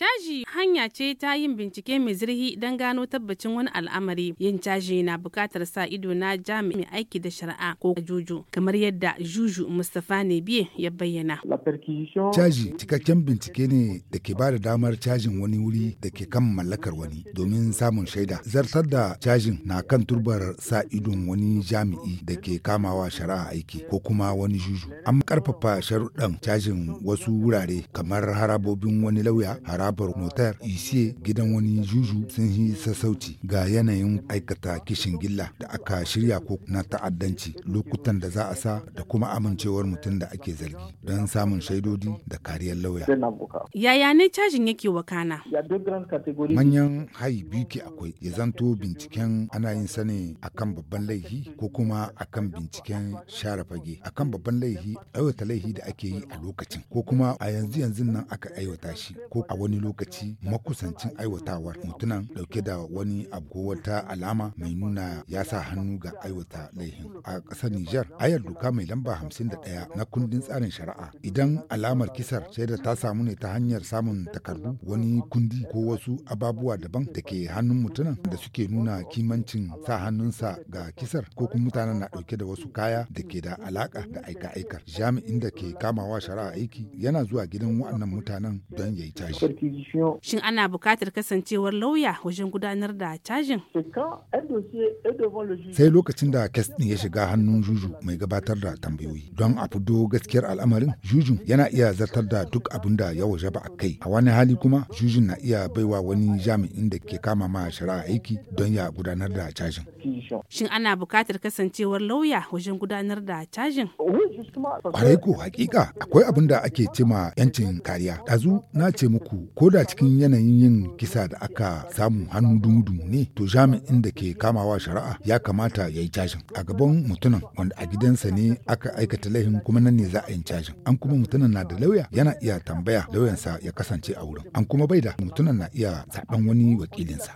Caji hanya ce ta yin bincike mai zurfi don gano tabbacin wani al'amari. Yin caji na bukatar sa ido na jami'in aiki da shari'a ko juju kamar yadda juju Mustapha biye ya bayyana. Caji cikakken bincike ne da ke ba da damar cajin wani wuri da ke kan mallakar wani domin samun shaida. Zartar da cajin na kan turbar sa idon wani jami'i da ke kamawa shari'a aiki ko kuma wani juju. An karfafa sharuɗan cajin wasu wurare kamar harabobin wani lauya, harabobin harabar motar isiye gidan wani juju sun yi sassauci ga yanayin aikata kishin gilla da aka shirya ko na ta'addanci lokutan da za a sa da kuma amincewar mutum da ake zargi don samun shaidodi da kariyar lauya. Yaya ne cajin yake wakana? Manyan hayi biyu ke akwai ya zanto binciken ana yin sani akan babban laifi ko kuma akan binciken share fage akan babban laihi aiwata laihi da ake yi a lokacin ko kuma a yanzu yanzu nan aka aiwata shi ko a wani lokaci makusancin aiwatawar mutunan dauke da wani abu wata alama mai nuna ya sa hannu ga aiwata laihin a ƙasar Nijar ayar doka mai lamba 51 na kundin tsarin shari'a idan alamar kisar shaida ta samu ne ta hanyar samun takardu wani kundi ko wasu ababuwa daban da ke hannun mutunan da suke nuna kimancin sa hannunsa ga kisar ko kuma mutanen na dauke da wasu kaya da ke da alaka da aika-aikar jami'in da ke kamawa shari'a aiki yana zuwa gidan waɗannan mutanen don ya yi tashi. Shin ana buƙatar kasancewar lauya wajen gudanar da cajin? Sai lokacin da kes ɗin ya shiga hannun juju mai gabatar da tambayoyi. Don a fudo gaskiyar al'amarin, juju yana iya zartar da duk abin da ya waje ba a kai. A wani hali kuma, Juju na iya baiwa wani jami'in da ke kama ma shari'a aiki don ya gudanar da cajin. Shin ana buƙatar kasancewar lauya wajen gudanar da cajin? Kwarai ko hakika akwai abin da ake cema 'yancin kariya. dazu na ce muku ko da cikin yanayin yin kisa da aka samu hannu dumu-dumu ne to jami'in da ke kamawa shari'a ya kamata ya yi cajin a gaban mutumin wanda a gidansa ne aka aikata laifin kuma nan ne za a yi cajin an kuma mutumin na da lauya yana iya tambaya lauyansa ya kasance a wurin an kuma bai da mutumin na iya zaben wani wakilinsa